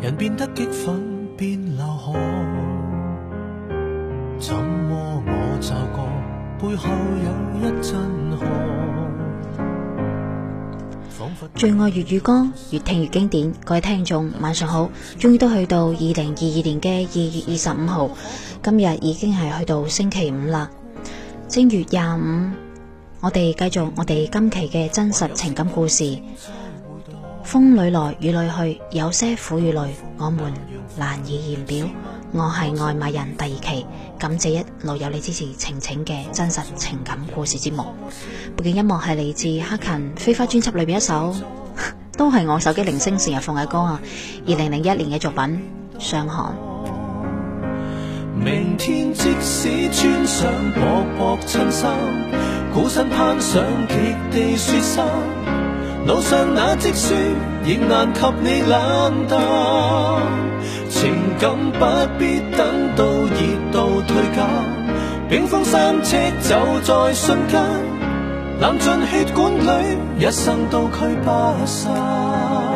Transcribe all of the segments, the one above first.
人變得我過背後有一陣最愛粵語歌，越聽越經典。各位聽眾，晚上好！終於都去到二零二二年嘅二月二十五號，今日已經係去到星期五啦，正月廿五。我哋繼續我哋今期嘅真實情感故事。風裏來雨裏去，有些苦與累，我們難以言表。我係外賣人第二期，感謝一路有你支持晴晴嘅真實情感故事節目。背景音樂係嚟自《黑勤》、《飛花》專輯裏邊一首， 都係我手機鈴聲成日放嘅歌啊！二零零一年嘅作品《傷寒》。明天即使穿上薄薄襯衫，鼓身攀上極地雪山路上那積雪，仍難及你冷淡。情感不必等到熱度退減，冰封三尺就在瞬間，冷進血管裡，一生都驅不散。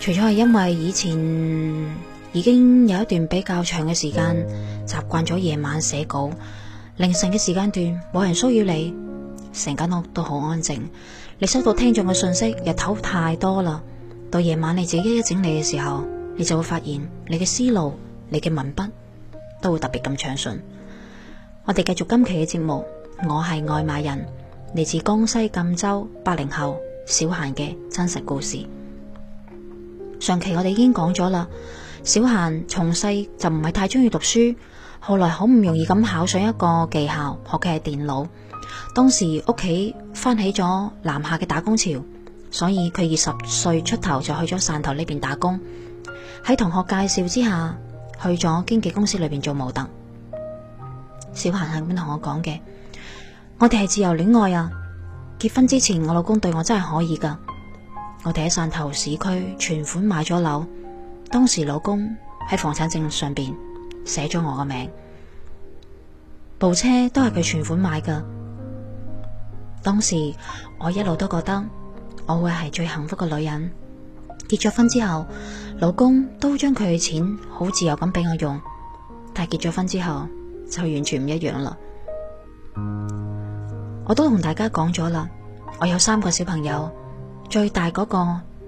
除咗係因為以前已經有一段比較長嘅時間習慣咗夜晚寫稿，凌晨嘅時間段冇人騷擾你，成間屋都好安靜。你收到聽眾嘅信息，日頭太多啦，到夜晚你自己一一整理嘅時候，你就會發現你嘅思路，你嘅文筆都會特別咁暢順。我哋繼續今期嘅節目，我係外賣人，嚟自江西贛州八零後小嫻嘅真實故事。上期我哋已經講咗啦，小嫻從細就唔係太中意讀書，後來好唔容易咁考上一個技校，學嘅係電腦。當時屋企翻起咗南下嘅打工潮，所以佢二十歲出頭就去咗汕頭呢邊打工。喺同學介紹之下，去咗經紀公司裏邊做模特。小嫻係咁同我講嘅，我哋係自由戀愛啊！結婚之前，我老公對我真係可以噶。我哋喺汕頭市區存款買咗樓，當時老公喺房產證上邊寫咗我個名，部車都係佢存款買噶。當時我一路都覺得我會係最幸福嘅女人。結咗婚之後，老公都將佢嘅錢好自由咁俾我用，但係結咗婚之後就完全唔一樣啦。我都同大家講咗啦，我有三個小朋友。最大嗰個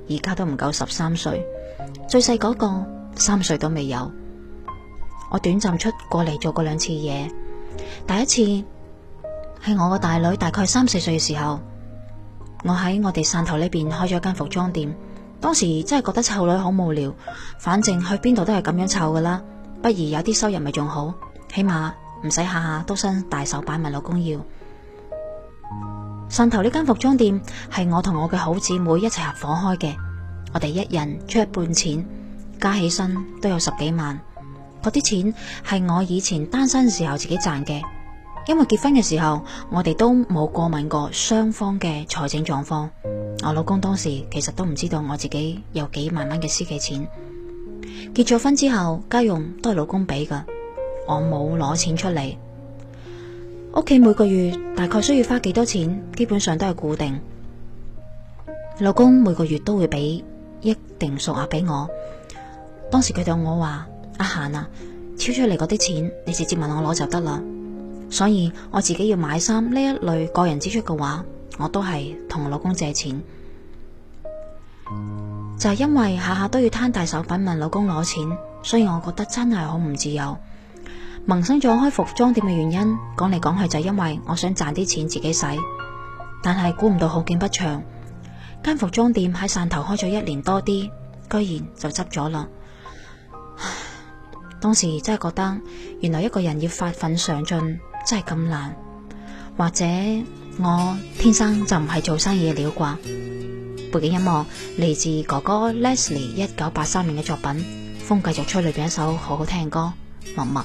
而家都唔夠十三歲，最細嗰個三歲都未有。我短暫出過嚟做過兩次嘢，第一次係我個大女大概三四歲嘅時候，我喺我哋汕頭呢邊開咗間服裝店，當時真係覺得湊女好無聊，反正去邊度都係咁樣湊噶啦，不如有啲收入咪仲好，起碼唔使下下都伸大手擺埋老公要。汕頭呢間服裝店係我同我嘅好姊妹一齊合夥開嘅，我哋一人出一半錢，加起身都有十幾萬。嗰啲錢係我以前單身時候自己賺嘅，因為結婚嘅時候我哋都冇過問過雙方嘅財政狀況。我老公當時其實都唔知道我自己有幾萬蚊嘅私己錢。結咗婚之後，家用都係老公俾噶，我冇攞錢出嚟。屋企每個月大概需要花幾多錢，基本上都係固定。老公每個月都會俾一定數額俾我。當時佢對我話：阿嫻啊，超、啊、出嚟嗰啲錢，你直接問我攞就得啦。所以我自己要買衫呢一類個人支出嘅話，我都係同老公借錢。就係、是、因為下下都要攤大手板問老公攞錢，所以我覺得真係好唔自由。萌生咗開服裝店嘅原因，講嚟講去就係因為我想賺啲錢自己使。但係估唔到好景不長，間服裝店喺汕頭開咗一年多啲，居然就執咗啦。唉，當時真係覺得，原來一個人要發奮上進真係咁難，或者我天生就唔係做生意嘅料啩。背景音樂嚟自哥哥 Leslie 一九八三年嘅作品，風繼續吹裡邊一首好好聽嘅歌，默默。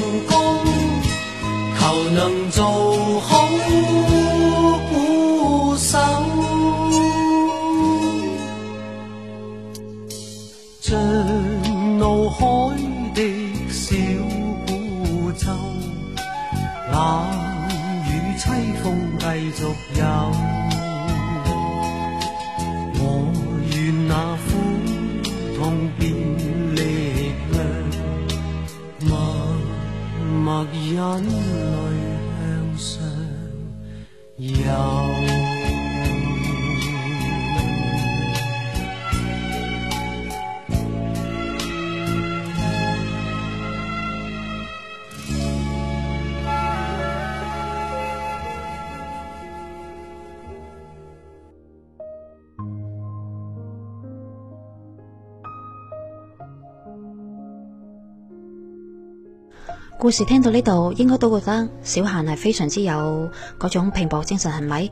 故事聽到呢度，應該都覺得小嫻係非常之有嗰種拼搏精神，係咪？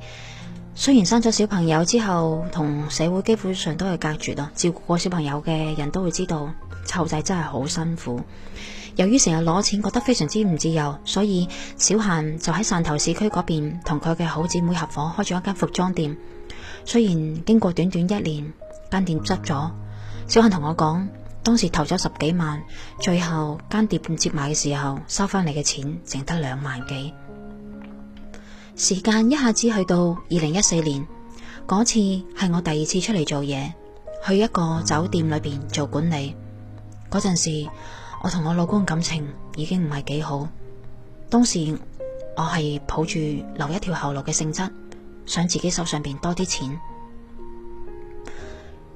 雖然生咗小朋友之後，同社會基本上都係隔絕啦。照顧過小朋友嘅人都會知道，湊仔真係好辛苦。由於成日攞錢，覺得非常之唔自由，所以小嫻就喺汕頭市區嗰邊，同佢嘅好姊妹合夥開咗一間服裝店。雖然經過短短一年，間店執咗，小嫻同我講。當時投咗十幾萬，最後間店接埋嘅時候收返嚟嘅錢淨得兩萬幾。時間一下子去到二零一四年，嗰次係我第二次出嚟做嘢，去一個酒店裏邊做管理。嗰陣時我同我老公感情已經唔係幾好，當時我係抱住留一條後路嘅性質，想自己手上邊多啲錢。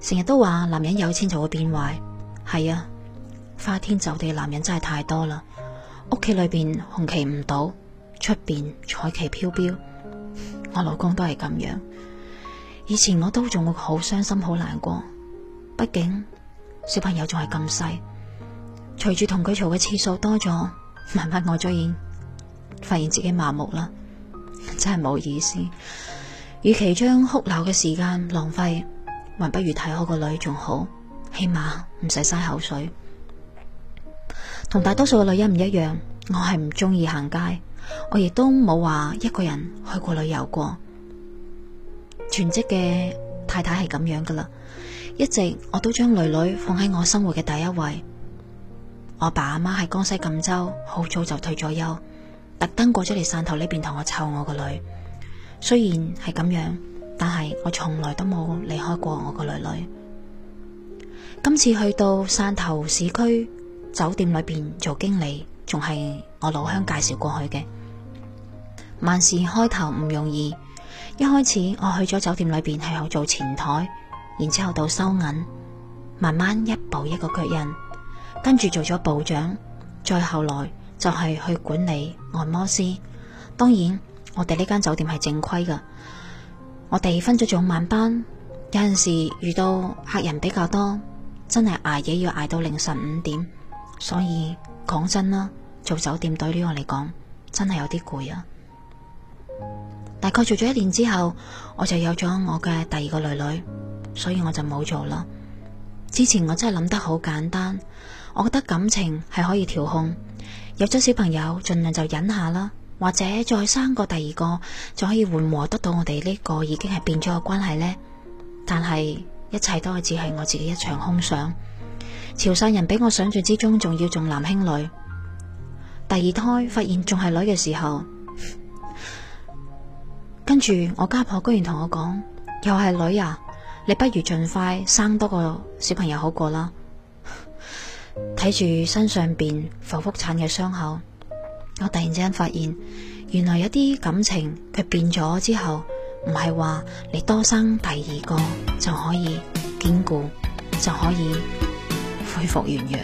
成日都話男人有錢就會變壞。係啊，花天酒地嘅男人真係太多啦！屋企裏邊紅旗唔倒，出邊彩旗飄飄。我老公都係咁樣，以前我都仲會好傷心好難過，畢竟小朋友仲係咁細。隨住同佢嘈嘅次數多咗，慢慢我雖然發現自己麻木啦，真係冇意思。與其將哭鬧嘅時間浪費，還不如睇好個女仲好。起碼唔使嘥口水。同大多數嘅女人唔一樣，我係唔中意行街，我亦都冇話一個人去過旅遊過。全職嘅太太係咁樣噶啦，一直我都將女女放喺我生活嘅第一位。我阿爸阿媽喺江西贛州，好早就退咗休，特登過咗嚟汕頭呢邊同我湊我個女。雖然係咁樣，但係我從來都冇離開過我個女女。今次去到汕頭市區酒店裏邊做經理，仲係我老鄉介紹過去嘅。萬事開頭唔容易，一開始我去咗酒店裏邊係學做前台，然之後到收銀，慢慢一步一個腳印，跟住做咗部長，再後來就係去管理按摩師。當然，我哋呢間酒店係正規㗎，我哋分咗早晚班，有陣時遇到客人比較多。真係捱夜要捱到凌晨五點，所以講真啦，做酒店對呢個嚟講真係有啲攰啊！大概做咗一年之後，我就有咗我嘅第二個女女，所以我就冇做啦。之前我真係諗得好簡單，我覺得感情係可以調控，有咗小朋友盡量就忍下啦，或者再生個第二個就可以緩和得到我哋呢個已經係變咗嘅關係呢。但係。一切都係只係我自己一場空想。潮汕人比我想象之中仲要重男輕女。第二胎發現仲係女嘅時候，跟 住我家婆居然同我講：又係女啊！你不如盡快生多個小朋友好過啦。睇 住身上邊剖腹產嘅傷口，我突然之間發現，原來一啲感情佢變咗之後。唔係話你多生第二個就可以兼顧，就可以恢復原樣。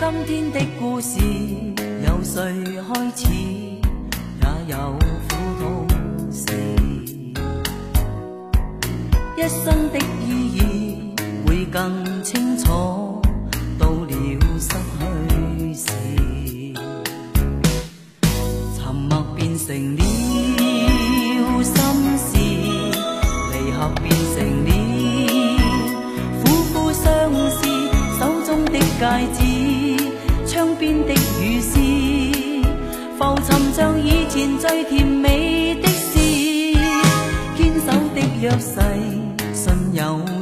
今天的故事由誰開始？也有苦痛時，一生的。更清楚到了失去時，沉默變成了心事，離合變成了苦苦相思。手中的戒指，窗邊的雨絲浮沉像以前最甜美的事，堅守的約誓，信有。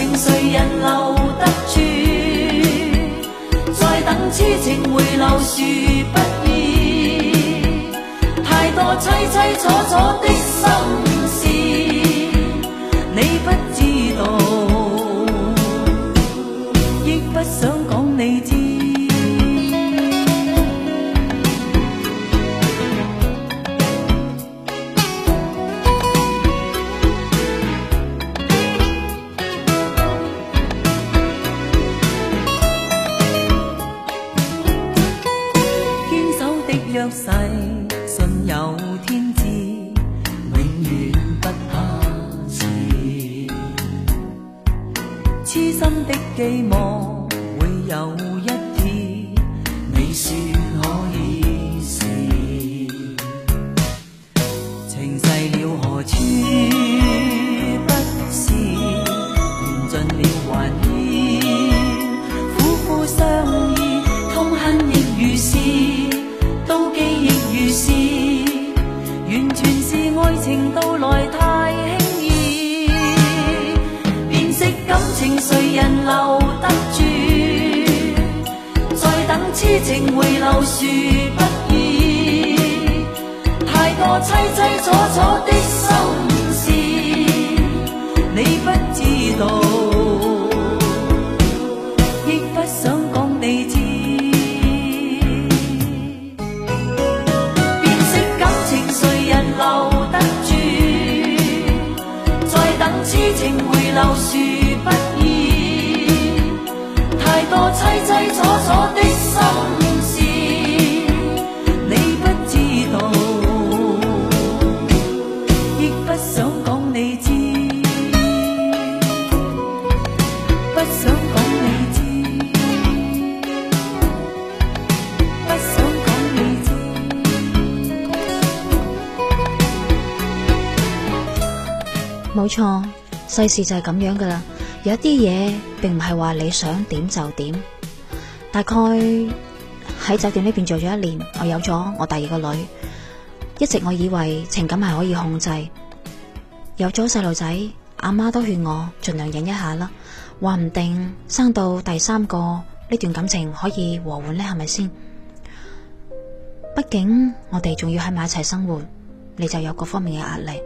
情誰人留得住？再等痴情回流殊不易，太多凄凄楚楚的。流疏不易，太多淒淒楚楚的心事，你不知道，亦不想講你知。變色感情誰人留得住？再等痴情回流，疏不易，太多淒淒楚楚楚的。錯，世事就係咁樣噶啦。有一啲嘢並唔係話你想點就點。大概喺酒店呢邊做咗一年，我有咗我第二個女。一直我以為情感係可以控制。有咗細路仔，阿媽都勸我盡量忍一下啦。話唔定生到第三個，呢段感情可以和緩呢？係咪先？畢竟我哋仲要喺埋一齊生活，你就有各方面嘅壓力。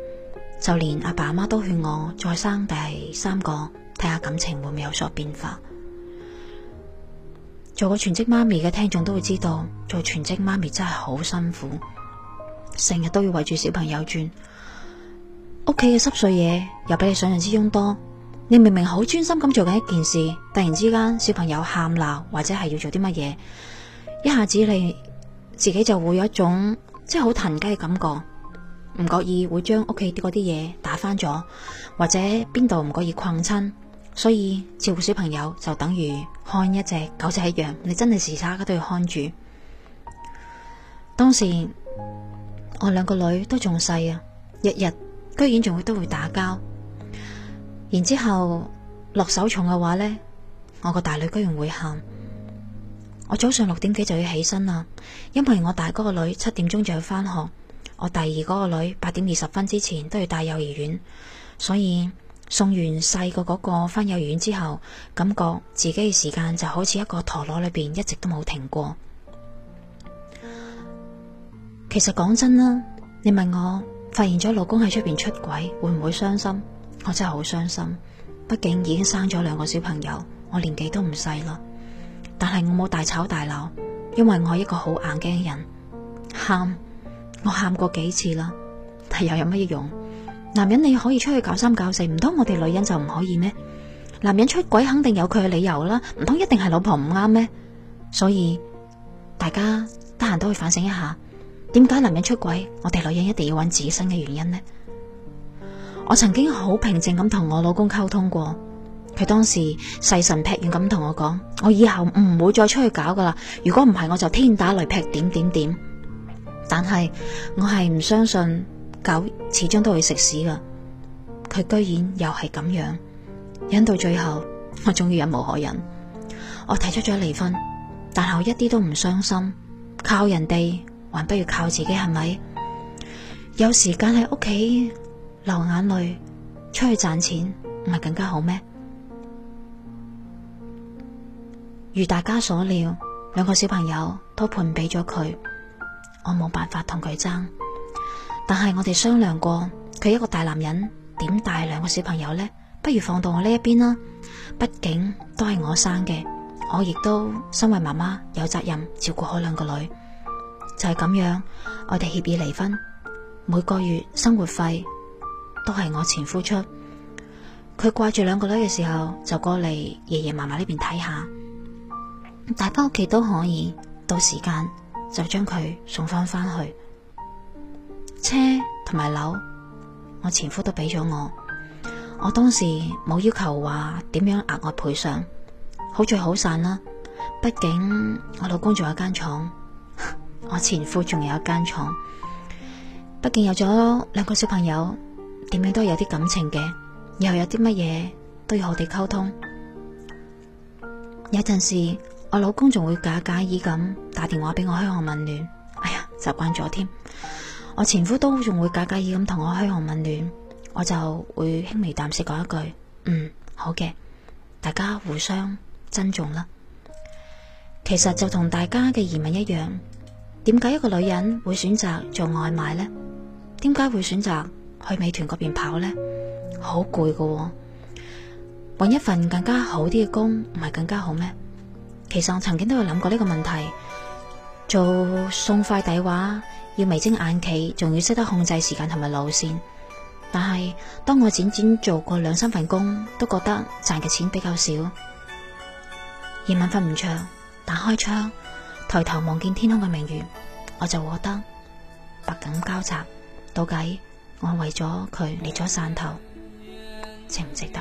就連阿爸阿媽都勸我再生第三個，睇下感情會唔會有所變化。做過全職媽咪嘅聽眾都會知道，做全職媽咪真係好辛苦，成日都要圍住小朋友轉，屋企嘅濕碎嘢又比你想象之中多。你明明好專心咁做緊一件事，突然之間小朋友喊鬧或者係要做啲乜嘢，一下子你自己就會有一種即係好騰雞嘅感覺。唔覺意會將屋企啲嗰啲嘢打翻咗，或者邊度唔覺意困親，所以照顧小朋友就等於看一隻狗仔一樣，你真係時差都要看住。當時我兩個女都仲細啊，日日居然仲會都會打交，然之後落手重嘅話呢，我個大女居然會喊。我早上六點幾就要起身啦，因為我大哥個女七點鐘就要返學。我第二嗰個女八點二十分之前都要帶幼兒園，所以送完細個嗰個翻幼兒園之後，感覺自己嘅時間就好似一個陀螺裏面一直都冇停過。其實講真啦，你問我發現咗老公喺出面出軌會唔會傷心？我真係好傷心，畢竟已經生咗兩個小朋友，我年紀都唔細啦。但係我冇大吵大鬧，因為我係一個好硬驚人，喊。我喊過幾次啦，但又有乜嘢用？男人你可以出去搞三搞四，唔通我哋女人就唔可以咩？男人出軌肯定有佢嘅理由啦，唔通一定係老婆唔啱咩？所以大家得閒都可以反省一下，點解男人出軌，我哋女人一定要揾自身嘅原因呢？我曾經好平靜咁同我老公溝通過，佢當時誓神劈願咁同我講：我以後唔會再出去搞噶啦，如果唔係我就天打雷劈點點點,點。但係我係唔相信狗始終都會食屎噶，佢居然又係咁樣，忍到最後我終於忍無可忍，我提出咗離婚，但係我一啲都唔傷心，靠人哋還不如靠自己係咪？有時間喺屋企流眼淚，出去賺錢唔係更加好咩？如大家所料，兩個小朋友都判俾咗佢。我冇辦法同佢爭，但係我哋商量過，佢一個大男人點帶兩個小朋友呢？不如放到我呢一邊啦。畢竟都係我生嘅，我亦都身為媽媽有責任照顧好兩個女。就係、是、咁樣，我哋協議離婚，每個月生活費都係我前夫出。佢掛住兩個女嘅時候，就過嚟爺爺嫲嫲呢邊睇下，帶翻屋企都可以，到時間。就將佢送翻翻去，車同埋樓，我前夫都俾咗我。我當時冇要求話點樣額外賠償，好聚好散啦。畢竟我老公仲有一間廠，我前夫仲有一間廠。畢竟有咗兩個小朋友，點樣都有啲感情嘅。以後有啲乜嘢都要我哋溝通。有陣時。我老公仲會假假意咁打電話俾我噓寒問暖，哎呀，習慣咗添。我前夫都仲會假假意咁同我噓寒問暖，我就會輕微淡笑講一句：嗯，好嘅，大家互相珍重啦。其實就同大家嘅疑問一樣，點解一個女人會選擇做外賣呢？點解會選擇去美團嗰邊跑呢？好攰㗎喎，搵一份更加好啲嘅工，唔係更加好咩？其實我曾經都有諗過呢個問題，做送快遞話要眉精眼企，仲要識得控制時間同埋路線。但係當我輾轉做過兩三份工，都覺得賺嘅錢比較少，夜晚瞓唔着，打開窗抬頭望見天空嘅明月，我就覺得百感交集，到底我為咗佢嚟咗汕頭，值唔值得？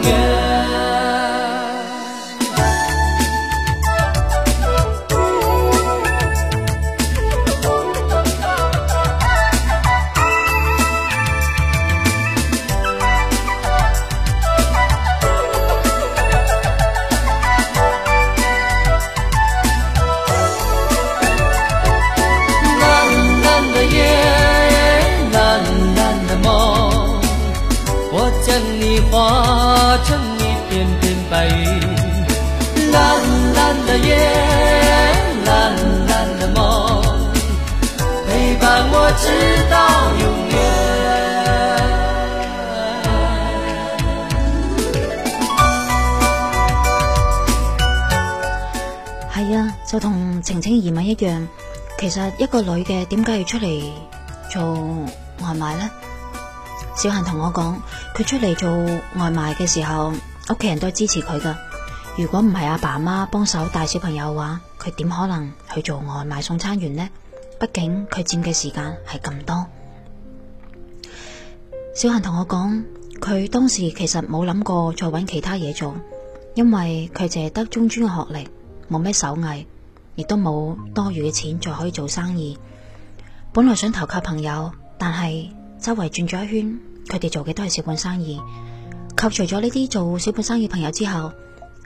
一個女嘅，點解要出嚟做外賣呢？小嫻同我講，佢出嚟做外賣嘅時候，屋企人都支持佢噶。如果唔係阿爸阿媽幫手帶小朋友嘅話，佢點可能去做外賣送餐員呢？畢竟佢佔嘅時間係咁多。小嫻同我講，佢當時其實冇諗過再揾其他嘢做，因為佢淨係得中專嘅學歷，冇咩手藝。亦都冇多餘嘅錢，再可以做生意。本來想投靠朋友，但係周圍轉咗一圈，佢哋做嘅都係小本生意。扣除咗呢啲做小本生意朋友之後，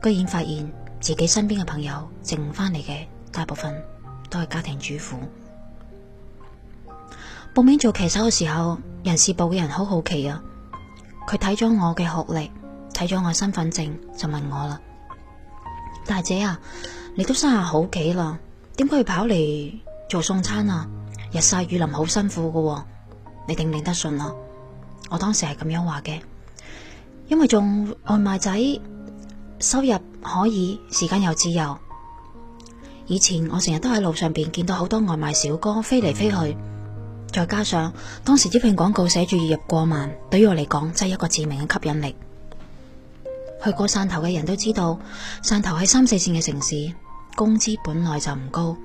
居然發現自己身邊嘅朋友剩翻嚟嘅大部分都係家庭主婦。報名做騎手嘅時候，人事部嘅人好好奇啊！佢睇咗我嘅學歷，睇咗我身份證，就問我啦：大姐啊！你都三十好幾啦，點解要跑嚟做送餐啊？日曬雨淋好辛苦噶喎，你頂唔頂得順啊？我當時係咁樣話嘅。因為做外賣仔收入可以，時間又自由。以前我成日都喺路上邊見到好多外賣小哥飛嚟飛去，再加上當時招聘廣告寫住月入過萬，對於我嚟講真係一個致命嘅吸引力。去過汕頭嘅人都知道，汕頭係三四線嘅城市。工資本來就唔高，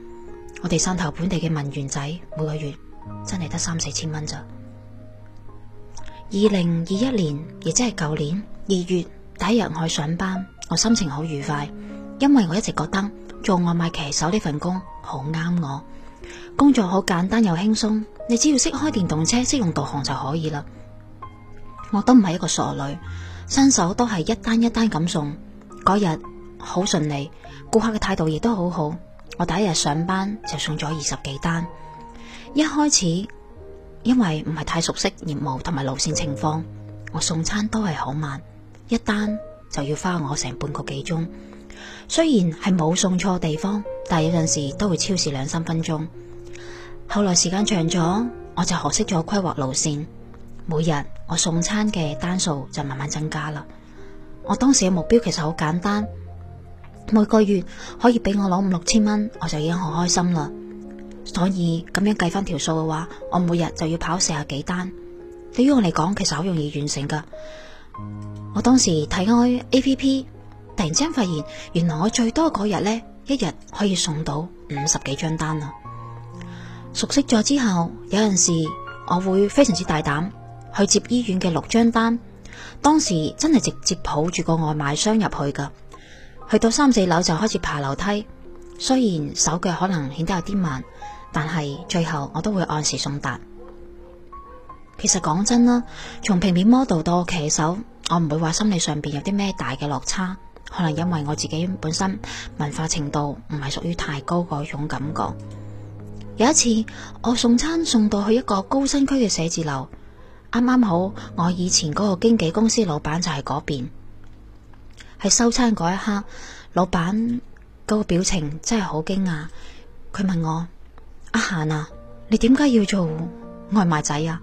我哋汕頭本地嘅文員仔每個月真係得三四千蚊咋。二零二一年亦即係舊年二月第一日我去上班，我心情好愉快，因為我一直覺得做外賣騎手呢份工好啱我，工作好簡單又輕鬆，你只要識開電動車、識用導航就可以啦。我都唔係一個傻女，新手都係一單一單咁送，嗰日好順利。顧客嘅態度亦都好好，我第一日上班就送咗二十幾單。一開始因為唔係太熟悉業務同埋路線情況，我送餐都係好慢，一單就要花我成半個幾鐘。雖然係冇送錯地方，但有陣時都會超時兩三分鐘。後來時間長咗，我就學識咗規劃路線，每日我送餐嘅單數就慢慢增加啦。我當時嘅目標其實好簡單。每個月可以俾我攞五六千蚊，我就已經好開心啦。所以咁樣計翻條數嘅話，我每日就要跑四十幾單。對於我嚟講，其實好容易完成噶。我當時睇開 App，突然之間發現，原來我最多嗰日呢一日可以送到五十幾張單啊。熟悉咗之後，有陣時我會非常之大膽去接醫院嘅六張單。當時真係直接抱住個外賣箱入去噶。去到三四樓就開始爬樓梯，雖然手腳可能顯得有啲慢，但係最後我都會按時送達。其實講真啦，從平面 model 到騎手，我唔會話心理上邊有啲咩大嘅落差，可能因為我自己本身文化程度唔係屬於太高嗰種感覺。有一次我送餐送到去一個高新區嘅寫字樓，啱啱好我以前嗰個經紀公司老闆就喺嗰邊。喺收餐嗰一刻，老闆嗰個表情真係好驚訝。佢問我：阿、ah, 嫻啊，你點解要做外賣仔啊？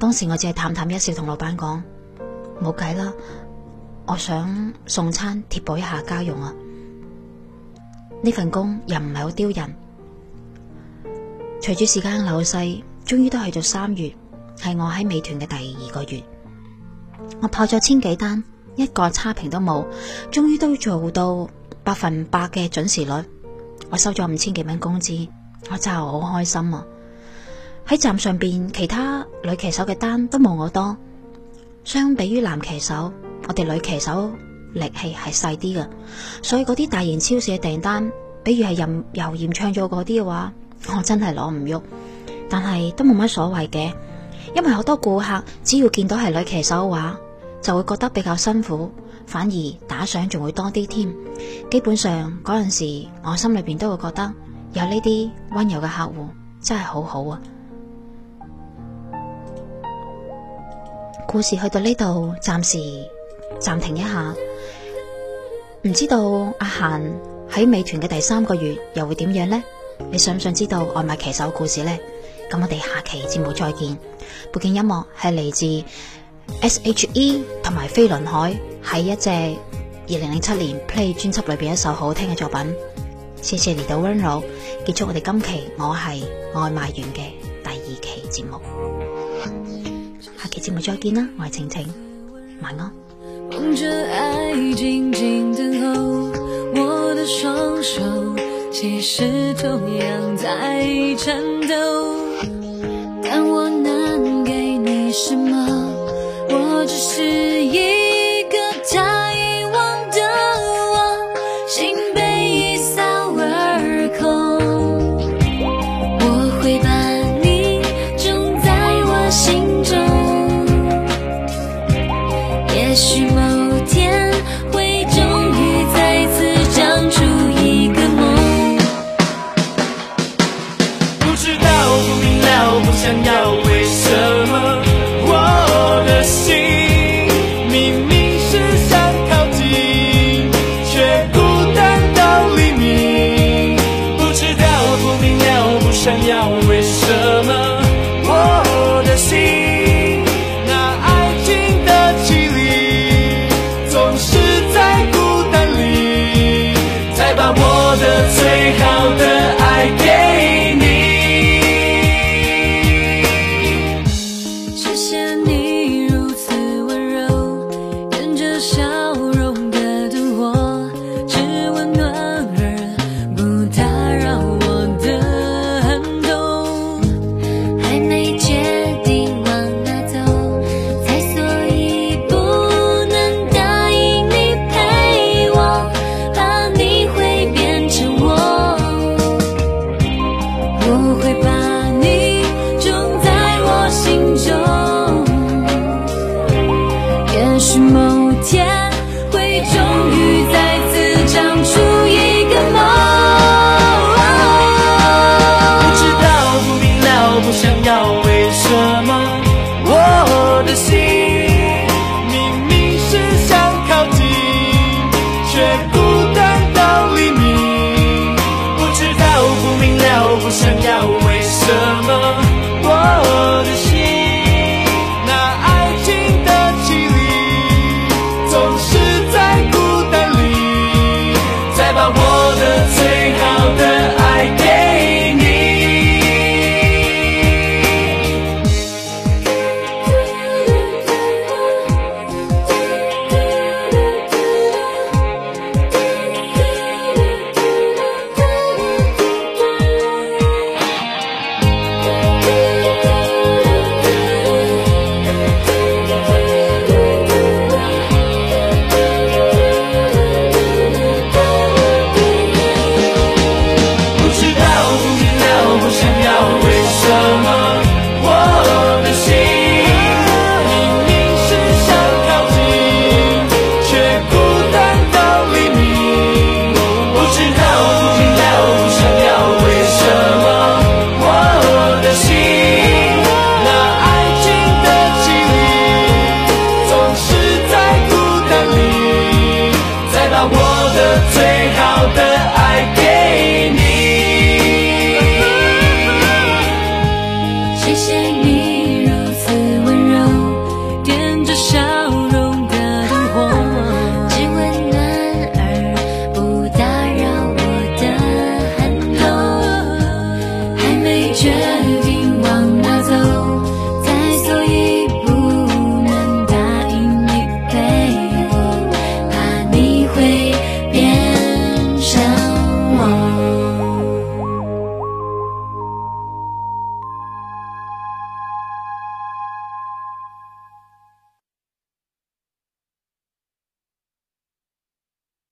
當時我只係淡淡一笑，同老闆講：冇計啦，我想送餐貼補一下家用啊。呢份工又唔係好丟人。隨住時間流逝，終於都去到三月，係我喺美團嘅第二個月。我跑咗千幾單。一個差評都冇，終於都做到百分百嘅準時率，我收咗五千幾蚊工資，我真係好開心啊！喺站上邊，其他女騎手嘅單都冇我多，相比於男騎手，我哋女騎手力氣係細啲嘅，所以嗰啲大型超市嘅訂單，比如係任油鹽唱咗嗰啲嘅話，我真係攞唔喐，但係都冇乜所謂嘅，因為好多顧客只要見到係女騎手嘅話。就會覺得比較辛苦，反而打賞仲會多啲添。基本上嗰陣時，我心裏邊都會覺得有呢啲溫柔嘅客戶真係好好啊！ 故事去到呢度，暫時暫停一下。唔知道阿嫻喺美團嘅第三個月又會點樣呢？你想唔想知道外賣騎手故事呢？咁我哋下期節目再見。背景音樂係嚟自，S.H.E 同埋飛輪海喺一隻二零零七年 Play 專輯裏邊一首好聽嘅作品。謝謝你的溫柔，結束我哋今期我係外賣員嘅第二期節目。下期節目再見啦，我係晴晴，晚安。